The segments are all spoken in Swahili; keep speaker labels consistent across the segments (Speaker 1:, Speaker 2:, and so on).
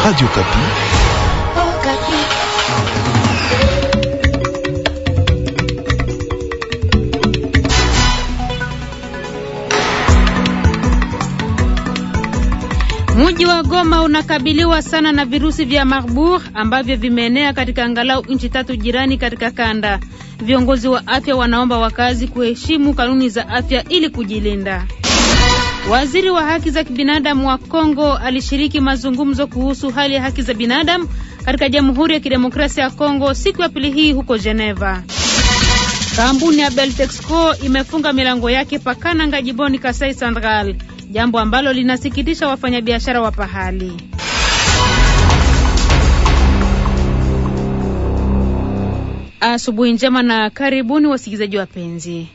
Speaker 1: Radio Kapi. Oh,
Speaker 2: Kapi.
Speaker 3: Mji wa Goma unakabiliwa sana na virusi vya Marburg ambavyo vimeenea katika angalau nchi tatu jirani katika kanda. Viongozi wa afya wanaomba wakazi kuheshimu kanuni za afya ili kujilinda. Waziri wa haki za kibinadamu wa Kongo alishiriki mazungumzo kuhusu hali ya haki za binadamu katika Jamhuri ya Kidemokrasia ya Kongo siku ya pili hii huko Geneva. Kampuni ya Beltexco imefunga milango yake Pakananga jiboni Kasai Central, jambo ambalo linasikitisha wafanyabiashara wa pahali. Asubuhi njema na karibuni wasikilizaji wapenzi.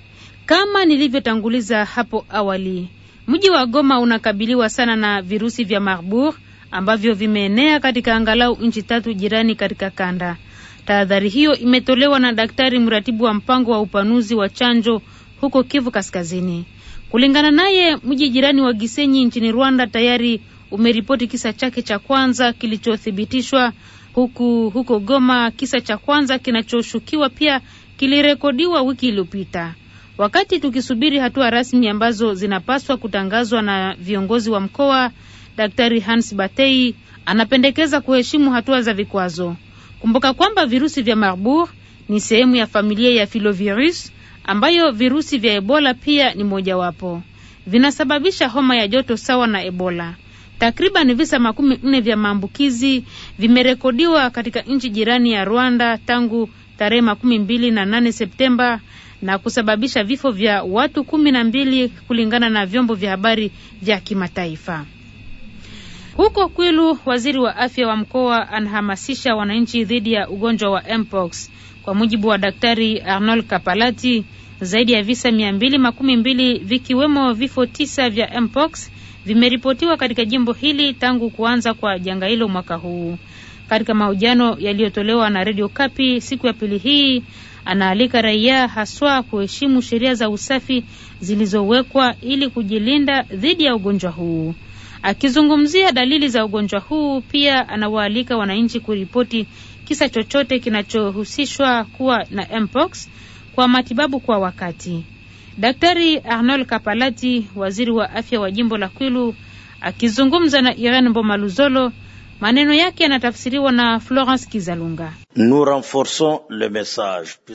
Speaker 3: Kama nilivyotanguliza hapo awali, Mji wa Goma unakabiliwa sana na virusi vya Marburg ambavyo vimeenea katika angalau nchi tatu jirani katika kanda. Tahadhari hiyo imetolewa na daktari mratibu wa mpango wa upanuzi wa chanjo huko Kivu Kaskazini. Kulingana naye, mji jirani wa Gisenyi nchini Rwanda tayari umeripoti kisa chake cha kwanza kilichothibitishwa, huku huko Goma kisa cha kwanza kinachoshukiwa pia kilirekodiwa wiki iliyopita. Wakati tukisubiri hatua rasmi ambazo zinapaswa kutangazwa na viongozi wa mkoa, Daktari Hans Batei anapendekeza kuheshimu hatua za vikwazo. Kumbuka kwamba virusi vya Marburg ni sehemu ya familia ya filovirus ambayo virusi vya Ebola pia ni mojawapo. Vinasababisha homa ya joto sawa na Ebola. Takriban visa makumi nne vya maambukizi vimerekodiwa katika nchi jirani ya Rwanda tangu tarehe makumi mbili na nane Septemba na kusababisha vifo vya watu kumi na mbili kulingana na vyombo vya habari vya kimataifa. Huko Kwilu, waziri wa afya wa mkoa anahamasisha wananchi dhidi ya ugonjwa wa mpox. Kwa mujibu wa Daktari Arnold Kapalati, zaidi ya visa mia mbili makumi mbili vikiwemo vifo tisa vya mpox vimeripotiwa katika jimbo hili tangu kuanza kwa janga hilo mwaka huu. Katika mahojiano yaliyotolewa na redio Kapi siku ya pili hii, anaalika raia haswa kuheshimu sheria za usafi zilizowekwa ili kujilinda dhidi ya ugonjwa huu. Akizungumzia dalili za ugonjwa huu, pia anawaalika wananchi kuripoti kisa chochote kinachohusishwa kuwa na mpox kwa matibabu kwa wakati. Daktari Arnold Kapalati, waziri wa afya wa jimbo la Kwilu, akizungumza na Irene Bomaluzolo
Speaker 2: Maneno yake yanatafsiriwa na Florence Kizalunga.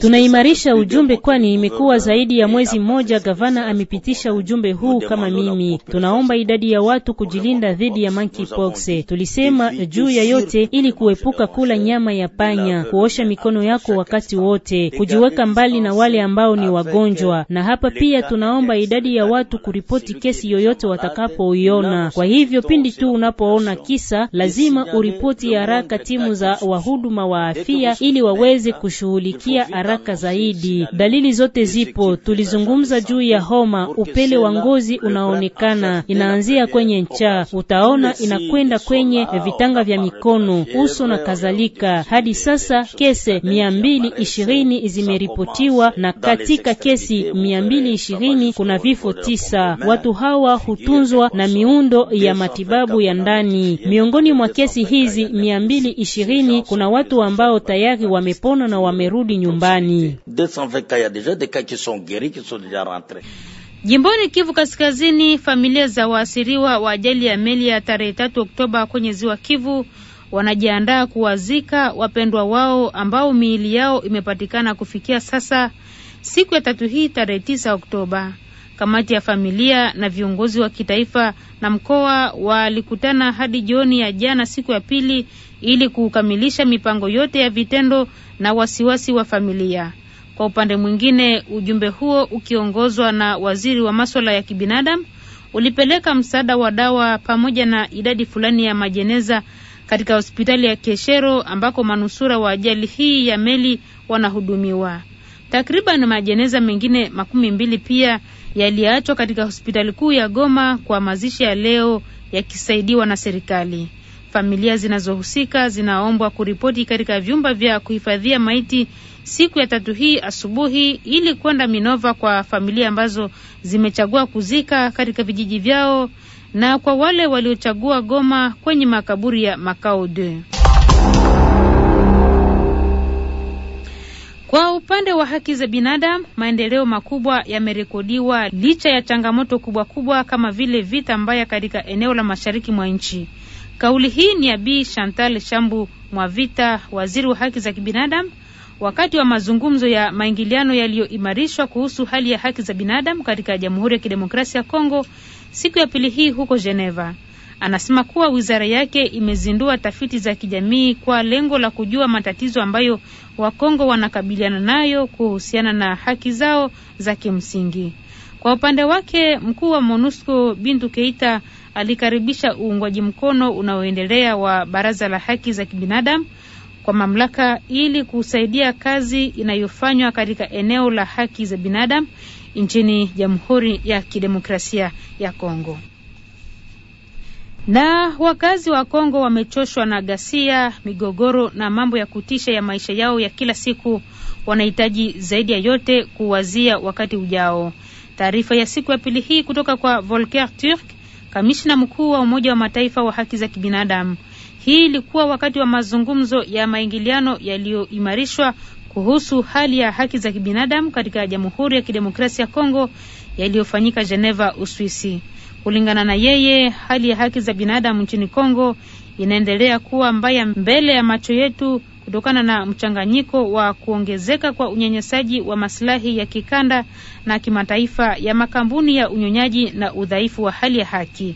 Speaker 2: Tunaimarisha ujumbe kwani imekuwa zaidi ya mwezi mmoja gavana amepitisha ujumbe huu kama mimi. Tunaomba idadi ya watu kujilinda dhidi ya monkeypox. Tulisema juu ya yote ili kuepuka kula nyama ya panya, kuosha mikono yako wakati wote, kujiweka mbali na wale ambao ni wagonjwa. Euh, na hapa pia tunaomba idadi ya watu kuripoti kesi yoyote watakapoiona. Kwa hivyo pindi tu unapoona kisa lazima lazima uripoti haraka timu za wahuduma wa afya ili waweze kushughulikia haraka zaidi. Dalili zote zipo. Tulizungumza juu ya homa, upele wa ngozi unaonekana, inaanzia kwenye ncha, utaona inakwenda kwenye vitanga vya mikono, uso na kadhalika. Hadi sasa kesi mia mbili ishirini zimeripotiwa na katika kesi mia mbili ishirini kuna vifo tisa. Watu hawa hutunzwa na miundo ya matibabu ya ndani miongoni mwa kesi hizi mia ishirini kuna watu ambao tayari wamepona na wamerudi nyumbani.
Speaker 3: Jimboni Kivu Kaskazini, familia za waasiriwa wa ajali ya meli ya tarehe tatu Oktoba kwenye ziwa Kivu wanajiandaa kuwazika wapendwa wao ambao miili yao imepatikana kufikia sasa siku ya tatu hii tarehe 9 Oktoba kamati ya familia na viongozi wa kitaifa na mkoa walikutana hadi jioni ya jana, siku ya pili, ili kukamilisha mipango yote ya vitendo na wasiwasi wa familia. Kwa upande mwingine, ujumbe huo ukiongozwa na waziri wa maswala ya kibinadamu ulipeleka msaada wa dawa pamoja na idadi fulani ya majeneza katika hospitali ya Keshero ambako manusura wa ajali hii ya meli wanahudumiwa. Takriban majeneza mengine makumi mbili pia yaliachwa katika hospitali kuu ya Goma kwa mazishi ya leo yakisaidiwa na serikali. Familia zinazohusika zinaombwa kuripoti katika vyumba vya kuhifadhia maiti siku ya tatu hii asubuhi ili kwenda Minova kwa familia ambazo zimechagua kuzika katika vijiji vyao na kwa wale waliochagua Goma kwenye makaburi ya Makao de Kwa upande wa haki za binadamu, maendeleo makubwa yamerekodiwa licha ya changamoto kubwa kubwa kama vile vita mbaya katika eneo la mashariki mwa nchi. Kauli hii ni ya Bi Chantal Shambu Mwavita, waziri wa haki za kibinadamu, wakati wa mazungumzo ya maingiliano yaliyoimarishwa kuhusu hali ya haki za binadamu katika Jamhuri ya Kidemokrasia ya Kongo siku ya pili hii huko Geneva. Anasema kuwa wizara yake imezindua tafiti za kijamii kwa lengo la kujua matatizo ambayo Wakongo wanakabiliana nayo kuhusiana na haki zao za kimsingi. Kwa upande wake, mkuu wa MONUSCO Bintu Keita alikaribisha uungwaji mkono unaoendelea wa Baraza la Haki za Kibinadamu kwa mamlaka ili kusaidia kazi inayofanywa katika eneo la haki za binadamu nchini Jamhuri ya Kidemokrasia ya Kongo. Na wakazi wa Kongo wamechoshwa na ghasia, migogoro na mambo ya kutisha ya maisha yao ya kila siku. Wanahitaji zaidi ya yote kuwazia wakati ujao. Taarifa ya siku ya pili hii kutoka kwa Volker Turk, kamishna mkuu wa Umoja wa Mataifa wa haki za kibinadamu. Hii ilikuwa wakati wa mazungumzo ya maingiliano yaliyoimarishwa kuhusu hali ya haki za kibinadamu katika Jamhuri ya Kidemokrasia ya Kongo yaliyofanyika Geneva, Uswisi. Kulingana na yeye, hali ya haki za binadamu nchini Kongo inaendelea kuwa mbaya mbele ya macho yetu kutokana na mchanganyiko wa kuongezeka kwa unyanyasaji wa maslahi ya kikanda na kimataifa ya makampuni ya unyonyaji na udhaifu wa hali ya haki.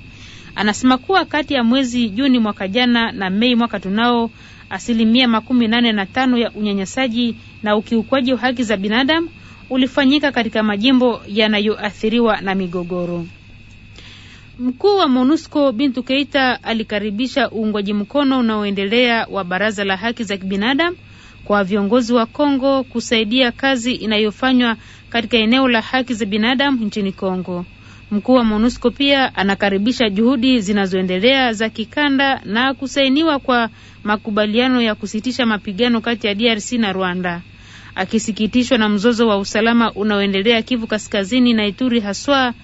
Speaker 3: Anasema kuwa kati ya mwezi Juni mwaka jana na Mei mwaka tunao asilimia makumi nane na tano ya unyanyasaji na ukiukwaji wa haki za binadamu ulifanyika katika majimbo yanayoathiriwa na migogoro. Mkuu wa MONUSCO Bintu Keita alikaribisha uungwaji mkono unaoendelea wa Baraza la Haki za Kibinadamu kwa viongozi wa Kongo kusaidia kazi inayofanywa katika eneo la haki za binadamu nchini Kongo. Mkuu wa MONUSCO pia anakaribisha juhudi zinazoendelea za kikanda na kusainiwa kwa makubaliano ya kusitisha mapigano kati ya DRC na Rwanda. Akisikitishwa na mzozo wa usalama unaoendelea Kivu Kaskazini na Ituri haswa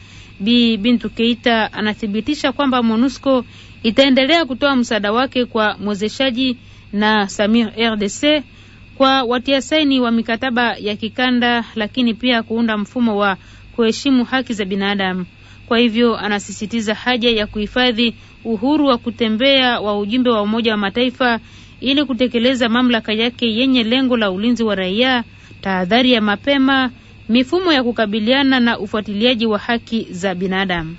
Speaker 3: Bi Bintu Keita anathibitisha kwamba MONUSCO itaendelea kutoa msaada wake kwa mwezeshaji na Samir RDC kwa watia saini wa mikataba ya kikanda, lakini pia kuunda mfumo wa kuheshimu haki za binadamu. Kwa hivyo anasisitiza haja ya kuhifadhi uhuru wa kutembea wa ujumbe wa Umoja wa Mataifa ili kutekeleza mamlaka yake yenye lengo la ulinzi wa raia, tahadhari ya mapema mifumo ya kukabiliana na ufuatiliaji wa haki za binadamu.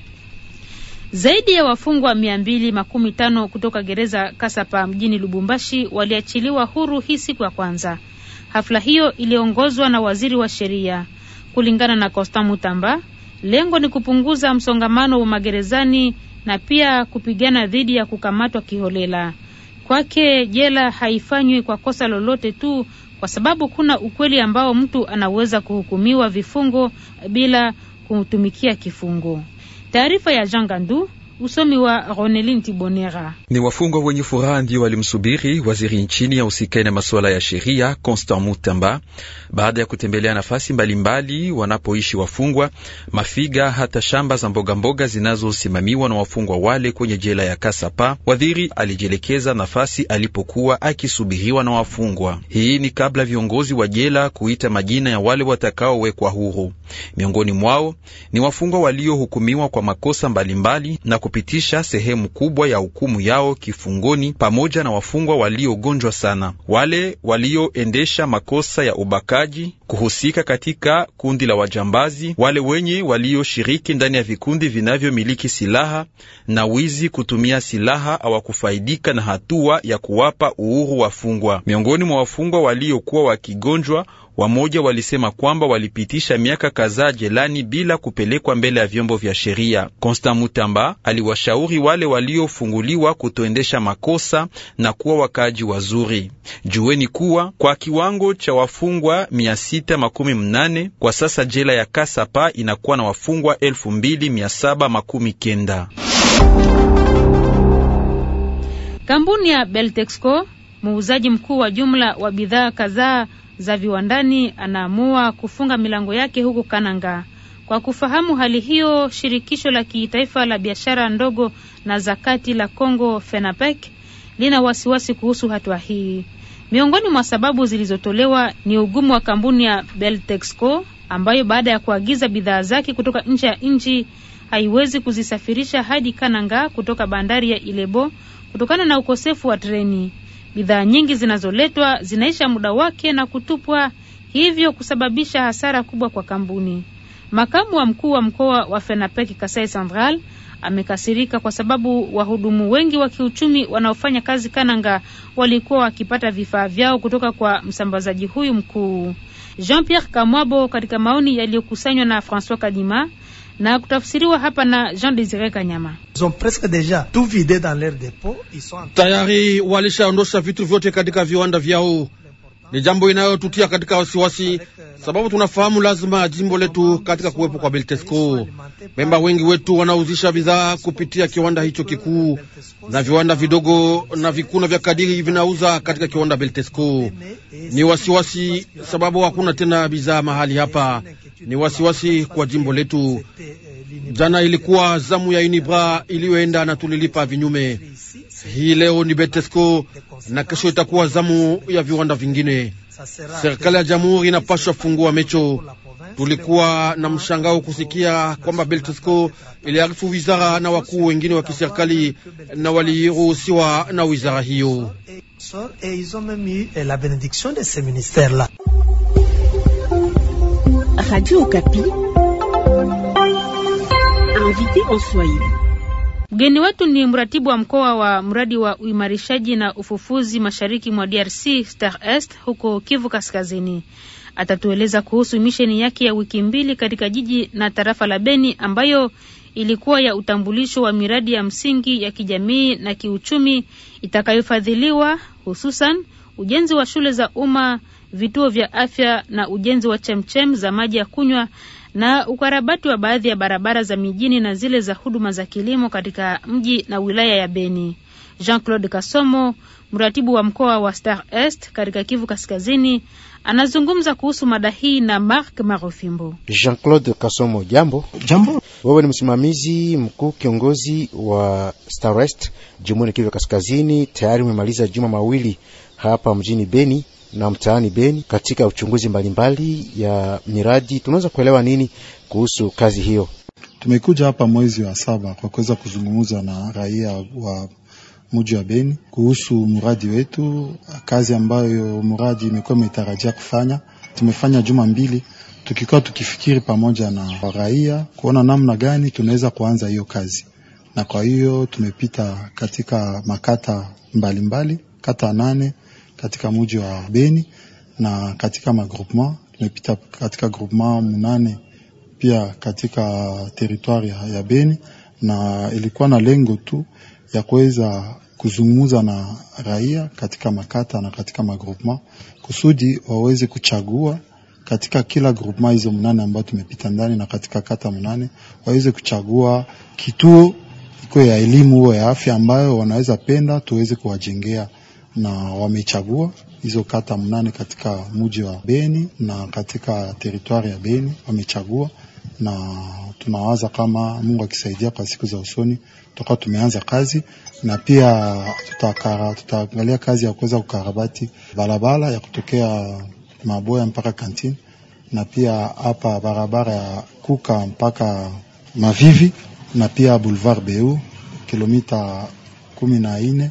Speaker 3: Zaidi ya wafungwa mia mbili makumi tano kutoka gereza Kasapa mjini Lubumbashi waliachiliwa huru hii siku ya kwanza. Hafla hiyo iliongozwa na waziri wa sheria. Kulingana na Constant Mutamba, lengo ni kupunguza msongamano wa magerezani na pia kupigana dhidi ya kukamatwa kiholela. Kwake jela haifanywi kwa kosa lolote tu, kwa sababu kuna ukweli ambao mtu anaweza kuhukumiwa vifungo bila kutumikia kifungo. Taarifa ya Jangandu Usemi wa Ronelin Tibonera.
Speaker 4: Ni wafungwa wenye furaha ndio walimsubiri waziri nchini ya usikae na masuala ya sheria Constant Mutamba baada ya kutembelea nafasi mbalimbali wanapoishi wafungwa, mafiga, hata shamba za mbogamboga zinazosimamiwa na wafungwa wale kwenye jela ya Kasapa. Wadhiri alijielekeza nafasi alipokuwa akisubiriwa na wafungwa. Hii ni kabla viongozi wa jela kuita majina ya wale watakaowekwa huru. Miongoni mwao ni wafungwa waliohukumiwa kwa makosa mbalimbali mbali na kupitisha sehemu kubwa ya hukumu yao kifungoni pamoja na wafungwa waliogonjwa sana, wale walioendesha makosa ya ubakaji, kuhusika katika kundi la wajambazi, wale wenye walioshiriki ndani ya vikundi vinavyomiliki silaha na wizi kutumia silaha, hawakufaidika na hatua ya kuwapa uhuru wafungwa. Miongoni mwa wafungwa waliokuwa wakigonjwa Wamoja walisema kwamba walipitisha miaka kadhaa jelani bila kupelekwa mbele ya vyombo vya sheria. Constant Mutamba aliwashauri wale waliofunguliwa kutoendesha makosa na kuwa wakaaji wazuri. Jueni kuwa kwa kiwango cha wafungwa 618 kwa sasa jela ya Kasapa inakuwa na wafungwa 2719.
Speaker 3: Kampuni ya Beltexco muuzaji mkuu wa jumla wa bidhaa kadhaa za viwandani anaamua kufunga milango yake huko Kananga. Kwa kufahamu hali hiyo, shirikisho la kitaifa la biashara ndogo na zakati la Kongo FENAPEC lina wasiwasi kuhusu hatua hii. Miongoni mwa sababu zilizotolewa ni ugumu wa kampuni ya Beltexco ambayo baada ya kuagiza bidhaa zake kutoka nje ya nchi haiwezi kuzisafirisha hadi Kananga kutoka bandari ya Ilebo kutokana na ukosefu wa treni. Bidhaa nyingi zinazoletwa zinaisha muda wake na kutupwa, hivyo kusababisha hasara kubwa kwa kampuni. Makamu wa mkuu wa mkoa wa Fenapek Kasai Central amekasirika kwa sababu wahudumu wengi wa kiuchumi wanaofanya kazi Kananga walikuwa wakipata vifaa vyao kutoka kwa msambazaji huyu mkuu. Jean Pierre Kamwabo katika maoni yaliyokusanywa na Francois Kadima na kutafsiriwa hapa na Jean Desire Kanyama.
Speaker 4: Tayari walishaondosha vitu vyote katika viwanda vyao. Ni jambo inayotutia katika wasiwasi, sababu tunafahamu lazima jimbo letu katika kuwepo kwa Beltesco. Memba wengi wetu wanauzisha bidhaa kupitia kiwanda hicho kikuu, na viwanda vidogo na vikuna vya kadiri vinauza katika kiwanda Beltesco. Ni wasiwasi, sababu hakuna tena bidhaa mahali hapa ni wasiwasi kwa jimbo letu. Jana ilikuwa zamu ya Unibra iliyoenda na tulilipa vinyume. Hii leo ni Betesco na kesho itakuwa zamu ya viwanda vingine. Serikali ya jamhuri inapashwa fungua mecho. Tulikuwa na mshangao kusikia kwamba Beltesco iliarifu wizara na wakuu wengine wa kiserikali na waliruhusiwa na wizara hiyo.
Speaker 2: Radio Okapi. Invité en Swahili.
Speaker 3: Mgeni wetu ni mratibu wa mkoa wa mradi wa uimarishaji na ufufuzi mashariki mwa DRC Star Est huko Kivu Kaskazini. Atatueleza kuhusu misheni yake ya wiki mbili katika jiji na tarafa la Beni ambayo ilikuwa ya utambulisho wa miradi ya msingi ya kijamii na kiuchumi itakayofadhiliwa hususan ujenzi wa shule za umma vituo vya afya na ujenzi wa chemchem za maji ya kunywa na ukarabati wa baadhi ya barabara za mijini na zile za huduma za kilimo katika mji na wilaya ya Beni. Jean-Claude Kasomo, mratibu wa mkoa wa Star Est katika Kivu Kaskazini, anazungumza kuhusu mada hii na Mark Marofimbo.
Speaker 5: Jean-Claude Kasomo, jambo. Jambo. Wewe ni msimamizi mkuu kiongozi wa Star Est, jumuiya ya Kivu Kaskazini. Tayari umemaliza juma mawili hapa mjini Beni na mtaani Beni katika uchunguzi
Speaker 1: mbalimbali ya miradi. Tunaweza kuelewa nini kuhusu kazi hiyo? Tumekuja hapa mwezi wa saba kwa kuweza kuzungumza na raia wa mji wa Beni kuhusu mradi wetu, kazi ambayo mradi imekuwa imetarajia kufanya. Tumefanya juma mbili tukikuwa tukifikiri pamoja na raia kuona namna gani tunaweza kuanza hiyo kazi, na kwa hiyo tumepita katika makata mbalimbali mbali, kata nane katika mji wa Beni na katika magroupement tumepita katika groupement mnane pia katika teritwari ya Beni, na ilikuwa na lengo tu ya kuweza kuzungumza na raia katika makata na katika magroupement kusudi waweze kuchagua katika kila groupement hizo mnane ambayo tumepita ndani na katika kata mnane waweze kuchagua kituo iko ya elimu ya afya ambayo wanaweza penda tuweze kuwajengea na wamechagua hizo kata mnane katika mji wa Beni na katika teritwari ya Beni wamechagua, na tunawaza kama Mungu akisaidia kwa siku za usoni tutakuwa tumeanza kazi, na pia tutaangalia kazi ya kuweza kukarabati barabara ya kutokea Maboya mpaka Kantini na pia hapa barabara ya Kuka mpaka Mavivi na pia Boulevard Beu kilomita kumi na nne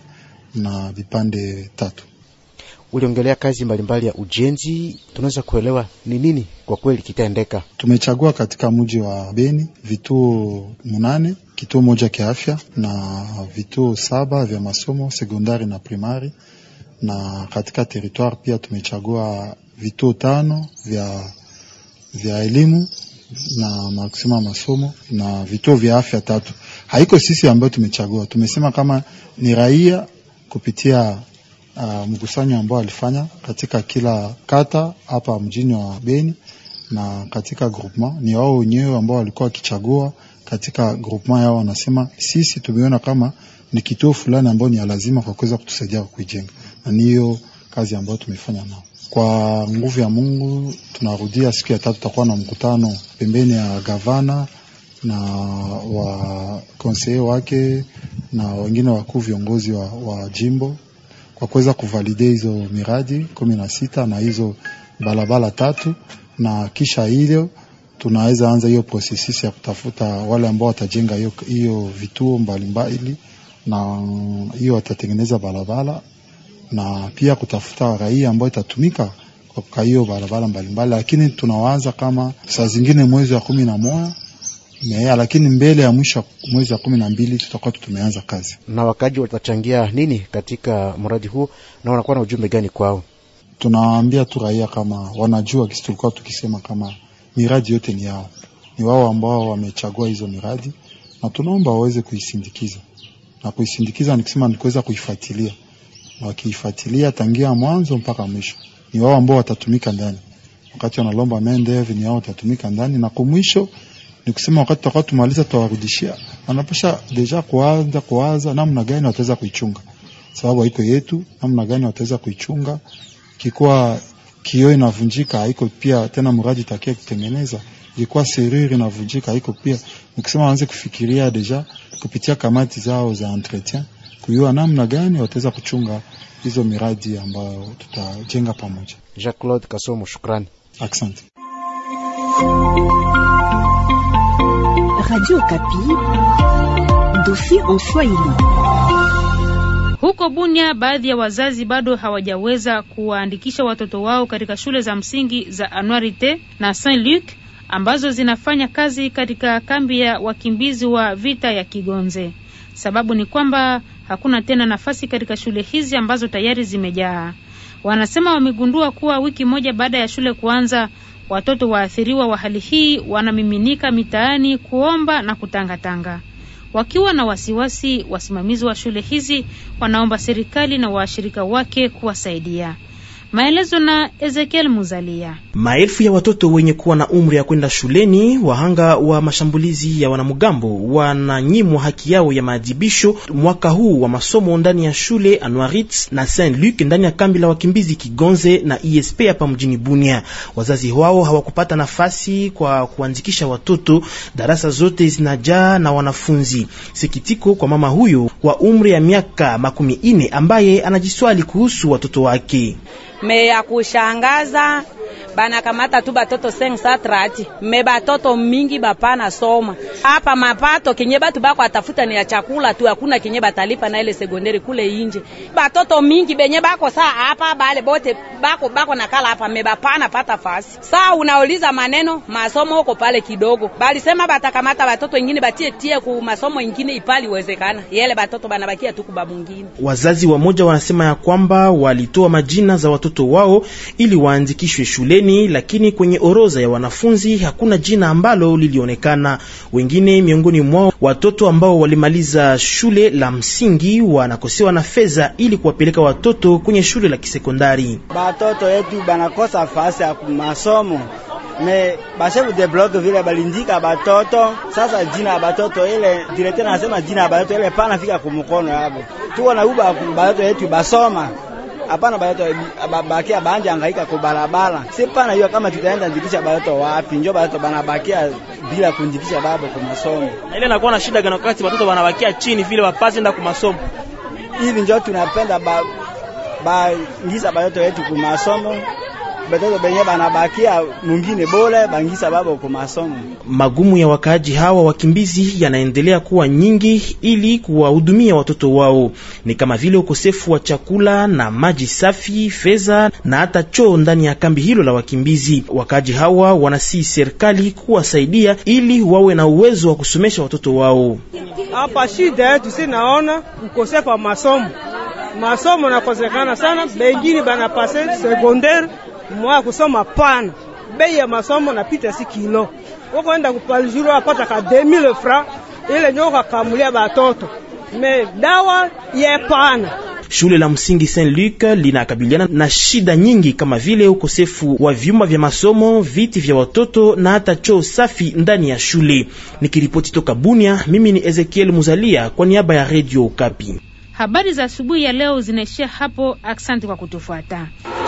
Speaker 1: na vipande tatu. Uliongelea kazi mbalimbali ya ujenzi, tunaweza kuelewa ni nini kwa kweli kitaendeka? Tumechagua katika mji wa Beni vituo munane, kituo moja kya afya na vituo saba vya masomo sekondari na primari, na katika teritoire pia tumechagua vituo tano vya vya elimu na maksima masomo na vituo vya afya tatu. Haiko sisi ambayo tumechagua, tumesema kama ni raia kupitia uh, mkusanyo ambao alifanya katika kila kata hapa mjini wa Beni na katika groupement. Ni wao wenyewe ambao walikuwa wakichagua katika groupement yao, wanasema sisi tumeona kama ni kituo fulani ambao ni lazima kwa kuweza kutusaidia kuijenga, na ni hiyo kazi ambayo tumefanya nao. Kwa nguvu ya Mungu, tunarudia siku ya tatu tutakuwa na mkutano pembeni ya gavana na wa konseye wake na wengine wakuu viongozi wa, wa jimbo kwa kuweza kuvalide hizo miradi kumi na sita na hizo barabara tatu, na kisha hilo tunaweza anza hiyo prosesus ya kutafuta wale ambao watajenga hiyo vituo mbalimbali na hiyo watatengeneza barabara na pia kutafuta raia ambayo itatumika kwa hiyo barabara mbalimbali, lakini tunawaza kama saa zingine mwezi wa kumi na moja mea, lakini mbele ya mwisho mwezi wa kumi na mbili tutakuwa tumeanza kazi.
Speaker 5: Na wakaji watachangia nini
Speaker 1: katika mradi huu na wanakuwa na ujumbe gani kwao? Tunawaambia tu raia kama wanajua, kisi tulikuwa tukisema kama miradi yote ni yao, ni wao ambao wamechagua hizo miradi, na tunaomba waweze kuisindikiza na kuisindikiza, nikisema ni kuweza kuifuatilia, wakiifuatilia tangia mwanzo mpaka mwisho, ni wao ambao watatumika ndani wakati wanalomba mendevi, ni wao watatumika ndani na kumwisho ni kusema wakati tumaliza tutawarudishia. Wanaposha deja kuanza kuwaza namna gani wataweza kuichunga, sababu haiko yetu, namna gani wataweza kuichunga. Kikuwa kioo inavunjika, haiko pia tena mradi takia kutengeneza. Ilikuwa seruri inavunjika, haiko pia. Nikisema waanze kufikiria deja kupitia kamati zao za entretien, kujua namna gani wataweza kuchunga hizo miradi ambayo tutajenga pamoja. Jacques Claude Kasomo, shukrani. Asante. Radio
Speaker 2: Okapi, dofi en Swahili. Huko
Speaker 3: Bunya, baadhi ya wazazi bado hawajaweza kuwaandikisha watoto wao katika shule za msingi za Anuarite na Saint Luc ambazo zinafanya kazi katika kambi ya wakimbizi wa vita ya Kigonze. Sababu ni kwamba hakuna tena nafasi katika shule hizi ambazo tayari zimejaa. Wanasema wamegundua kuwa wiki moja baada ya shule kuanza Watoto waathiriwa wa hali hii wanamiminika mitaani kuomba na kutangatanga wakiwa na wasiwasi. Wasimamizi wa shule hizi wanaomba serikali na washirika wake kuwasaidia. Maelezo na Ezekiel Muzalia.
Speaker 5: Maelfu ya watoto wenye kuwa na umri ya kwenda shuleni, wahanga wa mashambulizi ya wanamgambo, wananyimwa haki yao ya maadhibisho mwaka huu wa masomo ndani ya shule Anwarit na Saint Luc ndani ya kambi la wakimbizi Kigonze na ISP hapa mjini Bunia. Wazazi wao hawakupata nafasi kwa kuandikisha watoto, darasa zote zinajaa na wanafunzi. Sikitiko kwa mama huyo wa umri ya miaka makumi ine ambaye anajiswali kuhusu watoto wake
Speaker 3: me ya kushangaza
Speaker 2: banakamata tu batoto satrati me batoto mingi bapana soma hapa. Mapato kenye batu bako atafuta ni ya chakula tu, hakuna kenye batalipa na ile sekondari kule inje.
Speaker 3: Batoto mingi benye bako saa hapa bale bote bako bako nakala hapa me bapana pata fasi. Saa unauliza maneno masomo huko pale kidogo, bali sema batakamata batoto wengine
Speaker 2: batie tie ku masomo ingine ipali wezekana yele batoto banabakia tu kuba
Speaker 5: Wazazi wa moja wanasema ya kwamba walitoa majina za watoto watoto wao ili waandikishwe shuleni, lakini kwenye orodha ya wanafunzi hakuna jina ambalo lilionekana. Wengine miongoni mwao watoto ambao walimaliza shule la msingi wanakosewa na fedha ili kuwapeleka watoto kwenye shule la kisekondari. Batoto yetu banakosa fasi ya masomo me bashefu de block vile balindika batoto. Sasa jina ya batoto ile direkta anasema jina ya batoto ile pana fika kumukono yabo, tuko na uba batoto yetu basoma Hapana bayoto babakia banja angaika ku barabara. Sipana hiyo kama tutaenda njikisha bayoto wapi? Njoo bana banabakia bila kunjikisha babo kwa masomo. Na ile inakuwa na shida gani wakati watoto wanabakia chini vile wapaze nda kwa masomo. Hivi njoo tunapenda ba, ba ngiza bayoto yetu kwa masomo batoto benye banabakia mungine bole bangisa baba ku masomo. Magumu ya wakaaji hawa wakimbizi yanaendelea kuwa nyingi ili kuwahudumia watoto wao, ni kama vile ukosefu wa chakula na maji safi, fedha na hata choo ndani ya kambi hilo la wakimbizi. Wakaaji hawa wanasii serikali kuwasaidia ili wawe na uwezo wa kusomesha watoto wao.
Speaker 2: Hapa shida yetu naona ukosefu wa masomo, masomo nakosekana sana, bengine banapase sekondere mwa kusoma pana, bei ya masomo napita si kilo, ukoenda kupaljuru apata ka 2000 francs ile nyoka kamulia batoto me dawa pana Shule
Speaker 5: la msingi Saint Luc linakabiliana na shida nyingi kama vile ukosefu wa vyumba vya masomo, viti vya watoto na hata choo safi ndani ya shule. Nikiripoti toka Bunia, mimi ni Ezekiel Muzalia kwa niaba ya Radio Okapi.
Speaker 3: Habari za asubuhi ya leo zinaishia hapo. Asante kwa kutufuata.